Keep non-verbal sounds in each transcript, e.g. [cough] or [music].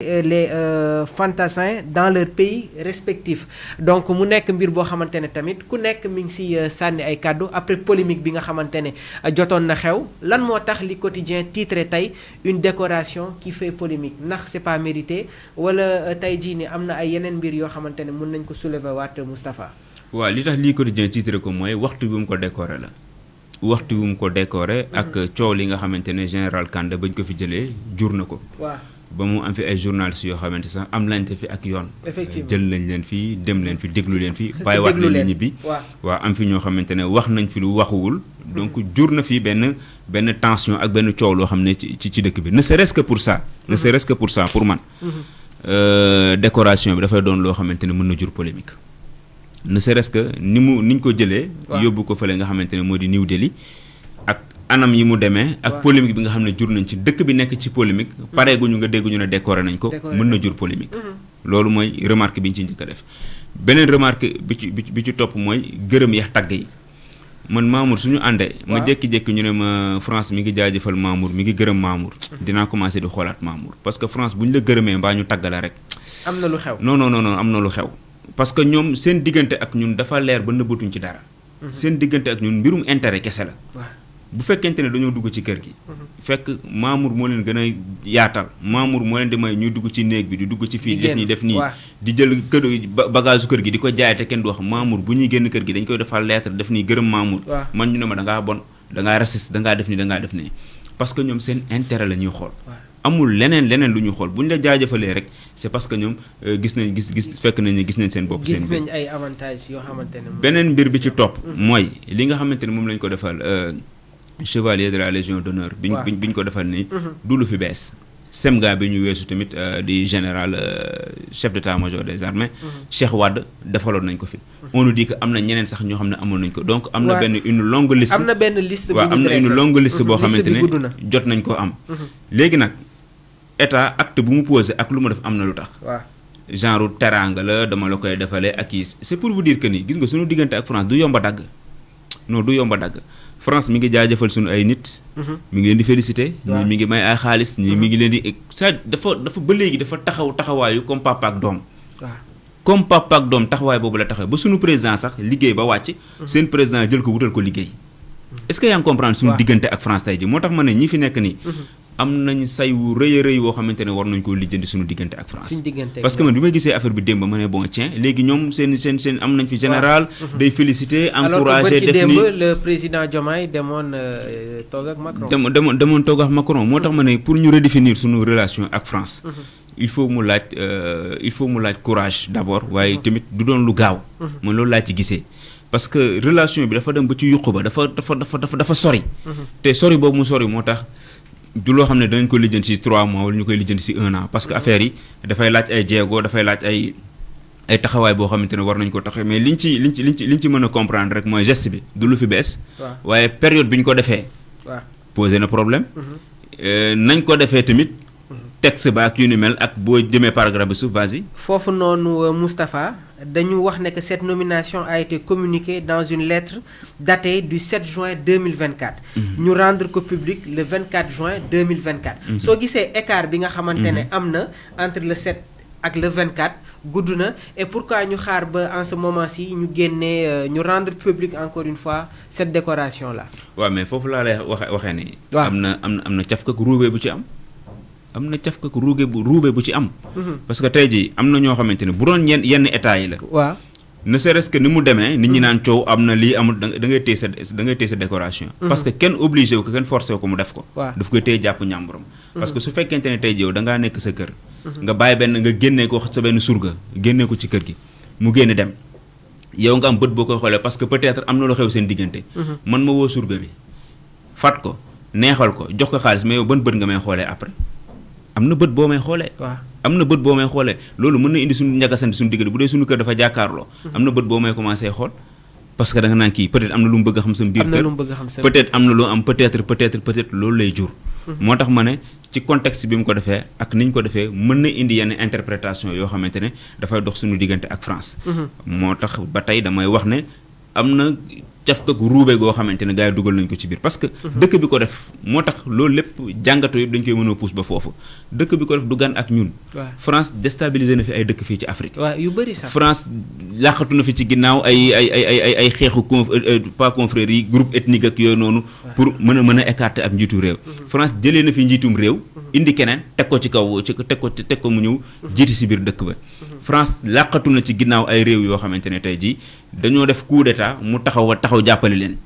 les euh, fantassins dans leur pays respectif donc mu nek mbir boo xamante tamit ku nek mi ngi si euh, sanni ay kàddu après polémique bi nga xamantene ne euh, na xew lan mo tax li quotidien titre tay une décoration qui fait polémique Nax c'est pas mérité wala tay jini ni am ay yenen mbir yo xamantene mën mun nañ ko soulever wat Mustafa. Wa li tax li quotidien titre ko moy waxtu bi mu ko décoré la waxtu bi mu ko décoré ak mhm. ciow li nga xamantene général Kandé bañ ko fi jëlé Wa ba am fi ay journalistes yoo xamante sax am lante fi ak yoon. jël nañ leen fi dem leen fi déglu leen fi. [laughs] bàyyi waat leen ñibbi waaw am fi ñoo xamante ne wax nañ fi lu waxuwul. donc jur na fi benn benn tension ak benn coow loo xam ne ci ci dëkk bi ne serait-ce que pour ça. ne mhm. serait-ce que pour ça pour man. Mhm. Euh, décoration bi dafay doon loo xamante ne mën na jur polémique. ne serait-ce que ni mu niñ ko jëlee. yóbbu ko fële nga xamante ne moo di New Delhi. anam yi mu demee ak polémique bi nga xam ne jur nañ ci dëkk bi nekk ci polémique mm-hmm. pare guñu nga dégg ñu ne décoré nañ ko mën na jur polémique mm-hmm. loolu mooy remarque bi ñu ci njëkk a def beneen remarque bi ci bi ci topp mooy gërëm yax tagg yi man Mamour suñu àndee ma jékki-jékki ñu ne ma France mi ngi jaajëfal Mamour mi ngi gërëm Mamour mm-hmm. dinaa commencé di xoolaat Mamour parce que France bu ñu la gërëmee mbaa ñu tagg la rek am na lu xew non non am na lu xew parce que ñoom seen diggante ak ñun dafa leer ba nëbbatuñ ci dara seen diggante mbirum intérêt kese la bu fekkente ne dañoo dugg ci kër gi. fekk Mamour moo leen gën a yaatal Mamour moo leen di may ñuy dugg ci néeg bi di dugg ci fii. def nii def nii di jël kër bagage kër gi di ko jaayate kenn du wax Mamour bu ñuy génn kër gi dañ koy defal lettre def nii gërëm Mamour. man ñu ne ma da bon da ngaa raciste da ngaa def nii da def nii parce que ñoom seen intérêt la ñuy xool. amul leneen leneen lu ñu xool bu ñu la jaajëfalee rek c'est parce que ñoom euh, gis nañ gis gis fekk nañu gis nañ seen bopp. seen bopp gis nañ ay avantages yoo xamante ne beneen mbir bi ci topp. Mm-hmm. mooy li nga xamante ne moom lañ ko defal euh, chevalier de la légion d'honneur bi ko defal ni mhm. du lu fi bees semga bi ñu tamit euh, di général euh, chef d'état-major des armées mhm. Cheikh Wade defalon nañ ko fi mhm. on nous dit que amna ñeneen sax ñoo xamne amon nañ ko donc amna ben une longue liste Amna ben liste waaw ñu une longue liste bo xamante ne jot nañ ko am Légui nak état acte bu mu posé ak luma def amna lutax. genre teranga la dama la koy defalee ak yi c'est pour vous dire que ni gis nga suñu diggante ak France du yomba dag. non du yomba dag. France mi ngi jaajëfal suñu ay nit. Mhm. mi ngi leen di félicité. ñii mi ngi may ay xaalis ñii mhm. mi ngi leen di. ça dafa dafa ba léegi dafa taxaw taxawaayu comme papa ak doom. waaw comme papa ak doom taxawaay boobu la taxaw ba suñu président sax liggéey ba wàcc. Mhm. seen président jël ko wutal ko liggéey. est-ce que yaa ngi comprendre suñu diggante ak France tey ji moo tax ma ne ñi fi nekk nii. am nañ say wu rëy a rëy woo xamante ne war nañ ko lijjanti suñu diggante ak France parce que man bi ma gisee affaire bi démb ma ne bon tiens léegi ñoom seen seen seen am nañ fi général mhm. day félicité encouragé def ni le président Diomaye demoon euh, toog ak Macron demoon demoon toog ak Macron moo tax ma ne pour ñu redéfinir suñu relation ak France mhm. il faut mu laaj euh, il faut mu laaj courage d'abord waaye mhm. tamit du doon lu gaaw man loolu laa ci gisee parce que relation bi dafa dem ba ci yuq ba dafa dafa dafa dafa sori te sori boobu mu sori moo tax du loo xam ne danañ ko lijjanti si trois mois wala ñu koy lijjanti si un an parce que mm-hmm. affaire yi dafay laaj ay jéego dafay laaj ay taxawaay boo xamante ne war nañ ko taxawee mais liñ ci liñ ci liñ ci ci mën a comprendre rek mooy geste bi du lu fi bees. waaye période bi ñu ko defee. waaw na problème. Mm-hmm. Euh, nañ ko defee tamit. texte ba ak nous mel ak bo paragraphe vas-y. Euh, Moustapha dañu wax que cette nomination a été communiquée dans une lettre datée du 7 juin 2024. Mhm. ñu rendre ko public le 24 juin 2024. so gissé écart bi nga xamantene mhm. entre le 7 ak le 24. gudd et pourquoi ñu xaar ba en ce moment ci ñu génnee euh, ñu rendre public encore une fois cette décoration là. Oui, mais il la lay wax waxé ni. amna amna na am na am bu ci am. am na caf kak bu ruube bu ci am mhm. parce que tey jii am na ñoo xamante ne bu doon yenn yenn état yi la waaw ne serait-ce ni mu demee nit ñi mhm. naan coow am na lii amul da ngay téye sa da ngay téye mhm. parce que kenn obligé wu ko kenn forcé wu ko mu def ko daf koy téye jàpp ñàmburam parce que su fekkente ne tey jii yow da nekk sa kër nga bàyyi benn nga génnee ko sa benn surga génnee ko ci kër gi mu génn dem yow nga am bët boo koy xoolee parce que peut-être am na lu xew seen diggante man ma woo surga bi fat ko neexal ko jox ko xaalis mais yow ban bët nga may xoolee am na bët boo may xoolee. am na bët boo may xoolee loolu mën na indi suñu njàkkasan suñu diggante bu dee suñu kër dafa jàkkaarloo. Hmm. am na bët boo may commencé xool. parce que da kii peut-être am na lu mu bëgg a xam. sam biir kër peut-être am na loo am peut-être peut-être peut-être loolu lay jur. Hmm. moo tax ma ne ci contexte bi mu ko defee ak ni ñu ko defee mën na indi yenn interprétation yoo xamante ne dafay dox suñu diggante ak France. Hmm. moo tax ba tey damay wax caf kak ruube goo xamante ne gars yi dugal nañ ko ci biir parce mhm. dëkk bi ko def moo tax loolu lépp jàngatoo yëpp dañ koy mën a pousse ba foofu dëkk bi ko def du gan ak ñun France déstabiliser na fi ay dëkk fii ci Afrique waaw yu bëri sax France làqatu na fi ci ginnaaw ay ay ay ay ay ay xeexu con euh, euh, pas confrères yi groupe ethnique ak yooyu noonu pour mën a mën a écarter ab njiitu réew mhm. France jëlee na fi njiitum réew indi keneen teg ko ci kaw ci teg ko teg ko mu ñëw jiiti si biir dëkk ba France làqatu na ci ginnaaw ay réew yoo xamante ne tey jii dañoo def coup d'état mu taxaw wa taxaw jàppale leen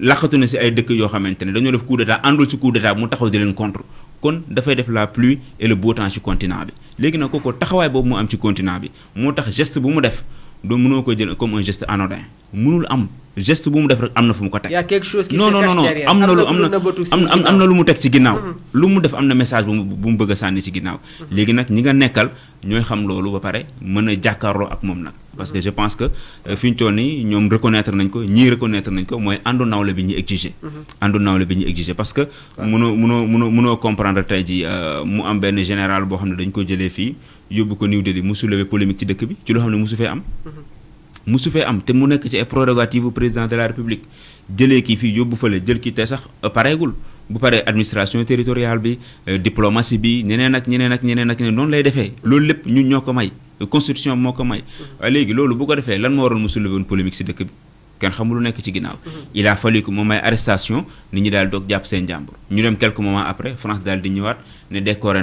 làqatu na si ay dëkk yoo xamante ne dañoo def coup d'état àndul si coup mu taxaw di leen contre kon dafay def la pluie et le ci continent bi léegi nag kookoo taxawaay boobu mu am ci continent bi moo tax geste bu mu def do mënoo ko jël comme un geste anodin mënul am geste bu mu def rek am na fu mu ko teg. y a quelque chose qui se cache derrière am na lu am na am na lu mu teg ci ginnaaw. Mm-hmm. lu mu def am na message bu mu bu mu bëgg a sànni ci ginnaaw. Mm-hmm. léegi nag ñi nga nekkal ñooy xam loolu ba pare mën a jàkkaarloo ak moom nag. parce que mm-hmm. je pense que euh, fi ñu toll nii ñoom reconnaître nañ ko ñii reconnaître nañ ko mooy àndu nawle bi ñuy exiger. àndu nawle bi ñuy exigé parce que. mënoo mënoo mënoo comprendre tey ji euh, mu am benn général boo xam ne dañ ko jëlee fii il ko musu polémique ci dëkk bi ci musu am. musu am mu président de la république jëlé ki fi le. fele jël sax euh, bu administration territoriale bi euh, diplomatie bi ñeneen ak ñeneen ak ñeneen ak lay ñun may constitution moko may. Mm-hmm. loolu bu ko polémique mm-hmm. il a fallu que l'arrestation arrestation nit ñi daal dog jàpp seen ñu dem quelques moments après France dal di ñëwaat ne décoré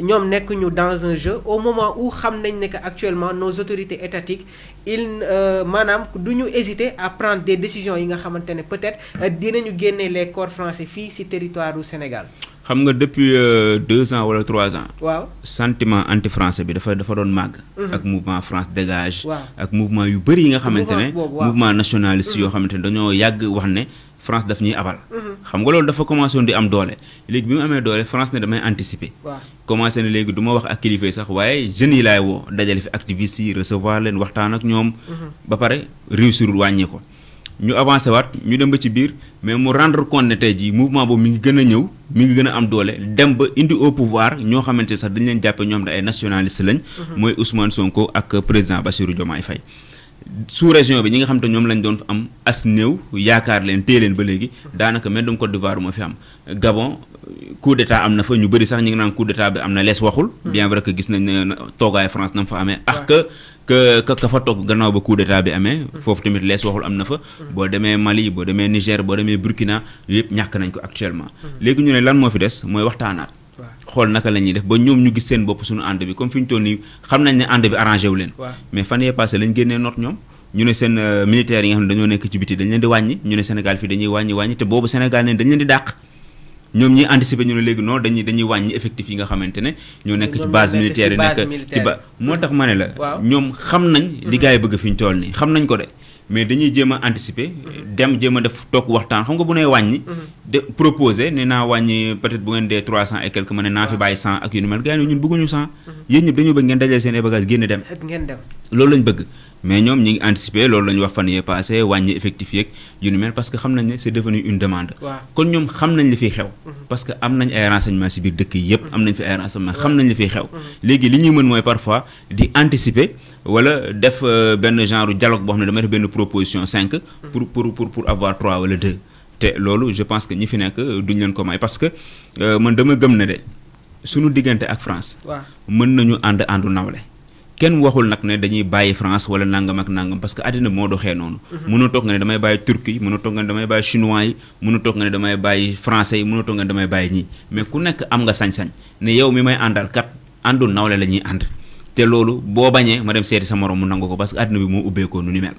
ñom que ñu dans un jeu au moment où xam nañ nek actuellement nos autorités étatiques il euh, manam duñu nous hésiter à prendre des décisions yi nga xamantene peut-être euh, dinañu génné les corps français fi ci territoire du Sénégal. xam nga depuis euh, deux ans wala trois ans. waaw sentiment anti français bi dafa dafa don mag, mhm. ak mouvement France dégage. ak mouvement yu bëri yi nga xamantene mouvement nationaliste yo xamantene dañoo wax ne. France daf ñuy abal. Mhm. xam nga loolu dafa commencé am doole France ne damay anticiper. commencé ne léegi du ma wax ak kilifa sax waaye jeunes yi laay woo fi recevoir leen waxtaan ak ñoom. Mhm. ba réussir ko. ñu avancé waat ñu dem mais mu rendre compte ne tey mouvement boobu mi ngi a ñëw mi ngi au pouvoir sax dañ leen ay nationalistes lañ. Mhm. Ousmane Sonko ak président sous région bi ñi nga xam te ñoom lañ doon am as néew yaakaar leen téye leen ba léegi daanaka même Côte d'Ivoire moo fi am Gabon coup na fa ñu bëri sax ñu ngi naan bi am na lees waxul. Hmm. bien vrai que gis nañ ne France na mu fa amee. ak que que ka fa toog gannaaw ba coup d'état bi amee. Hmm. foofu tamit lees waxul am na fa. Hmm. boo demee Mali boo demee Niger boo demee Burkina yëpp ñàkk nañ ko actuellement. léegi ñu ne lan moo fi des mooy waxtaanaat. xool naka la ñuy def ba ñoom ñu gis seen bopp suñu ànd bi comme fi ñu toll nii xam nañ ne ànd bi arrangé wu leen mais fan yee passé lañ génnee note ñoom ñu ne seen euh, militaires yi nga xam ne dañoo nekk ci biti dañ leen di wàññi ñu ne dañuy wàññi wàññi te boobu ne dañ ñoom ñi anticiper ñu ne léegi non dañuy dañuy wàññi effectif yi nga xamante ne ñoo nekk ci base militaire yi nekk ci ba moo tax ma ne la ñoom xam nañ li mm-hmm. gars yi bëgg fi ñu toll nii xam nañ ko de mais dañuy jéem a anticiper. dem jéem a toog waxtaan xam nga bu nay wàññi. Mhm. de proposer nee naa wàññi peut bu ngeen dee trois cent et quelque ma ne naa fi bàyyi cent ak yu ni mel gars yi ñun bëgguñu cent. Mhm. yéen ñëpp dañoo bëgg ngeen dajale seen i bagages génn dem. ngeen dem loolu lañ bëgg. mais ñom ñi ngi anticiper loolu lañ wax fan yee passé wàññi effectif yeeg yu ni mel parce que xam nañ ne c' est devenu une demande. kon ñoom xam nañ li fi xew. Mm-hmm. parce que am nañ ay renseignements si biir dëkk yëpp. am nañ fi ay renseignements mm-hmm. xam nañ li fi xew. Mm-hmm. léegi li ñuy mën mooy parfois di anticiper wala def euh, benn genre dialogue boo xam ne dama def benn proposition 5 pour pour pour pour avoir 3 wala 2 te loolu je pense que ñi fi nekk euh, duñ leen ko may parce que euh, man dama gëm ne de suñu diggante ak France. mën nañu ànd àndu nawle. kenn waxul nag ne dañuy bàyyi France wala nangam ak nangam parce que àddina moo doxee noonu. Mhm. mënoo toog nga ne damay bàyyi turc yi mënoo toog nga ne damay bàyyi chinois yi mënoo toog nga ne damay bàyyi français yi mënoo nga ne damay bàyyi ñii mais ku nekk am nga sañ-sañ ne yow mi may àndal kat àndu nawle la ñuy ànd te loolu boo bañee ma dem seeti sa morom mu nangu ko parce que àddina bi moo ubbeekoo nu ni mel.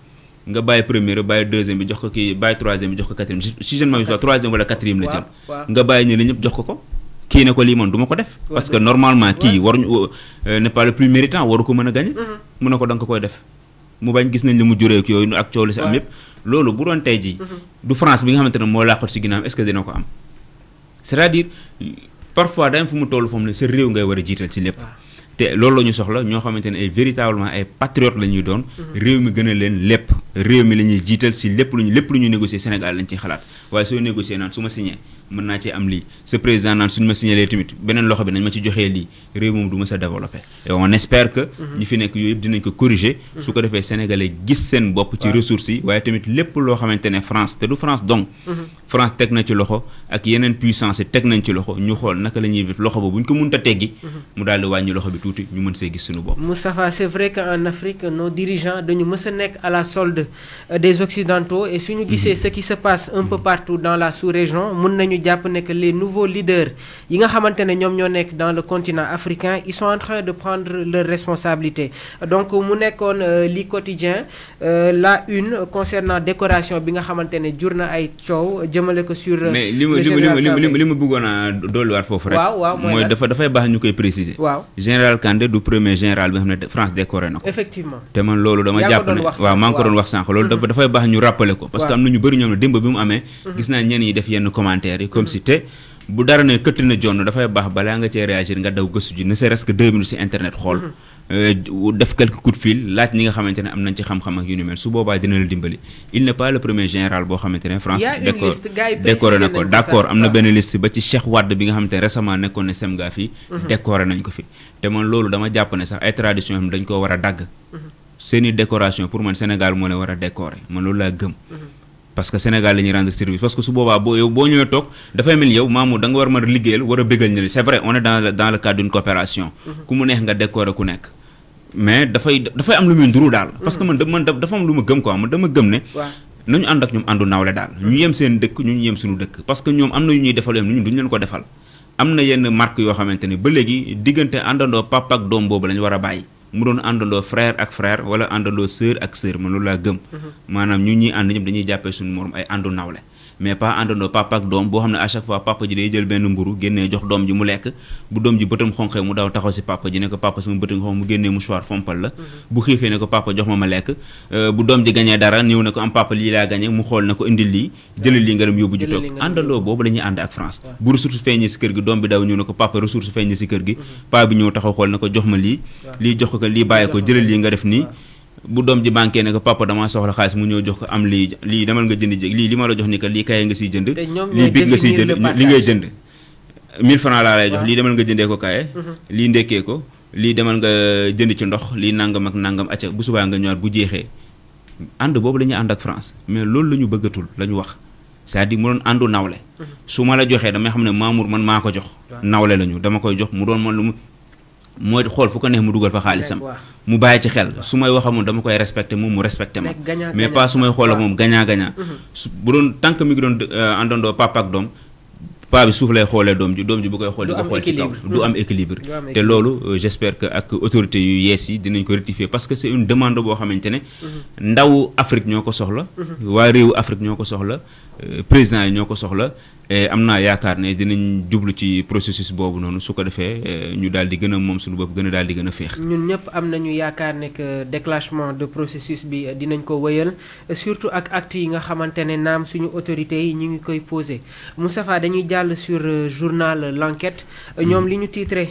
nga bàyyi premier bàyyi deuxième bi jox ko ki bàyyi troisième bi jox ko quatrième si je ne m'abuse pas troisième wala quatrième la jël nga bàyyi ñi li ñëpp jox ko ko ki ne ko li moom duma ko def parce que normalement ki war ñu euh, n'est pas le plus méritant waru ko mëna gagner mm-hmm. mu ne ko da nga koy def mu bañ gis nañ li mu juré yooyu ak coow li si am yëpp lolu bu don tay ji mm-hmm. du France bi nga xamantene mo la laaxut ci ginnaaw est-ce que dina ko am c'est-à-dire parfois dañ fu mu toll foofu ne sa rew ngay wara jital ci lepp te loolu la ñu soxla ñoo xamante ne ay véritablement ay patriotes la ñuy doon. réew mi gën a leen lépp réew mi la ñuy jiital si lépp lu ñu lépp lu ñu négocier Sénégal lañ ci xalaat waaye soo négocier naan su ma signé. mën naa ci am lii ce président naan suñu ma signalee tamit beneen loxo bi nañ ma ci joxee lii réew moom du ma sa développé et on espère que mhm. ñi fi nekk yooyu yëpp dinañ ko corriger mhm. su ko defee sénégalais gis seen bopp ci ressources yi waaye tamit lépp loo xamante ne France te du France donc mhm. France teg na ci loxo ak yeneen puissance yi teg nañ ci loxo ñu xool naka la ñuy def loxo ba buñ ko mënta teggi mu daal di wàññi loxo bi tuuti ñu mën see gis suñu bopp Moustapha c'est vrai qu'en Afrique nos dirigeants dañu mës a nekk à la solde euh, des occidentaux et suñu gisee ce qui se passe un peu partout dans la sous-région mën nañu japonais que les nouveaux leaders dans le continent africain ils sont en train de prendre leurs responsabilités donc mu nekkoon euh, li quotidien euh, la une concernant décoration bi nga mais préciser. général Kandé du premier général bi France décoré effectivement man dama rappeler parce que am ñu bi mu mhm. commentaires comme si te bu dara ne këtt na jonn dafay baax balaa nga cee réagir nga daw gëstu ji ne serait-ce que deux internet xool. Mm-hmm. Euh, def quelques coups laaj ñi nga xamante ne am nañ ci xam-xam ak yu ni mel su boobaa dina la dimbali il n'est pas le premier général boo xamante ne France décoré na ko d' accord am na benn liste ba ci Cheikh Wade bi nga xamante ne récemment nekkoon ne semga fii mm-hmm. décoré nañ ko fi te man loolu dama jàpp ne sax ay tradition xam dañ koo a dagg mm-hmm. seen i décoration pour man Sénégal moo leen a parce que Sénégal la ñuy rendre su boobaa boo yow boo ñëwee toog dafay mel yow maamu da war a mën a liggéeyal war a bégal ñu c'est vrai on est dans mm-hmm. daal. parce que man da mm-hmm. man dafa am lu ma gëm quoi man dama gëm ne. nañu ànd ak ñoom àndu nawle daal. ñu yem seen dëkk ñu yem suñu dëkk. parce que ñoom am na yu ñuy defal yow ñun duñu leen ko defal am na yenn marque yoo xamante ne ba léegi diggante àndandoo papa ak doom boobu lañu war a bàyyi mu doon àndandoo frère ak frair wala àndandoo sœur ak sœur man loolu laa gëm. Mhm. maanaam ñun ñuy ànd ñëpp dañuy jàppee suñu morom ay àndu nawle. mais pas àndandoo papa ak doom boo xam ne à chaque fois papa ji day jël benn mburu génnee jox doom ji mu lekk bu doom ji bëtam xonqee mu daw taxaw si papa ji ne ko papa sama mhm. ma lekk euh, bu doom ji gañee dara ñëw na ko am papa lii laa gañee mu xool na ko indil lii jëlal lii nga dem yóbbu ji toog àndandoo boobu la ànd ak France bu ressource feeñee si kër gi doom bi daw ñëw na ko papa ressource feeñee si kër gi mhm. paa bi ñëw taxaw xool na ko jox ma lii lii jox bu doom ji banqué ne ko papa damaa soxla xaalis mu ñëw jox ko am lii lii demal nga jënd lii li ma la jox ni que lii kaye nga siy jënd lii big nga siy jënd li ngay jënd 1000 francs laa lay jox lii demal nga jëndee ko kaye mhm. lii ndekkee ko lii demal nga jënd ci ndox lii nangam ak nangam acca bu subaa nga ñëwaat bu jeexee ànd boobu la ñuy ànd ak France mais loolu la ñu bëggatul la ñu wax c'est-à-dire mu doon àndu nawle mhm. su ma la joxee damay xam ne Mamour man maa ko jox nawle la ñu dama jox mu doon man mooy xool fu ko neex mu dugal fa xaalisam mu bàyyi ci xel su may wax dama koy respecté moom mu respecté ma mais pas su may xool ak moom gagnant gagnant mm-hmm. su bu doon tant mi ngi doon euh, àndandoo doom pas bi suuf lay dom doom ji doom ji bu koy xool di ko ci du am équilibre te loolu euh, j'espère que ak autorité yu yees yi dinañ ko rectifier parce que c'est une demande de xamante ne mhm. ndaw Afrique ñoo ko soxla mhm. waa réewu Afrique ñoo ko soxla euh, président yi ñoo ko soxla et amna yaakaar ne dinañ jublu ci processus boobu noonu nous ko defee euh, ñu daal di gën a moom suñu bopp gën a faire nous gën a féex. ñun ñëpp am nañu yaakaar que déclenchement de processus bi dinañ ko wëyal surtout ak actes yi nga xamante ne naam suñu autorités yi ñu ngi koy posé Moustapha dañuy sur euh, journal L'Enquête euh, ñom liñu ligne titré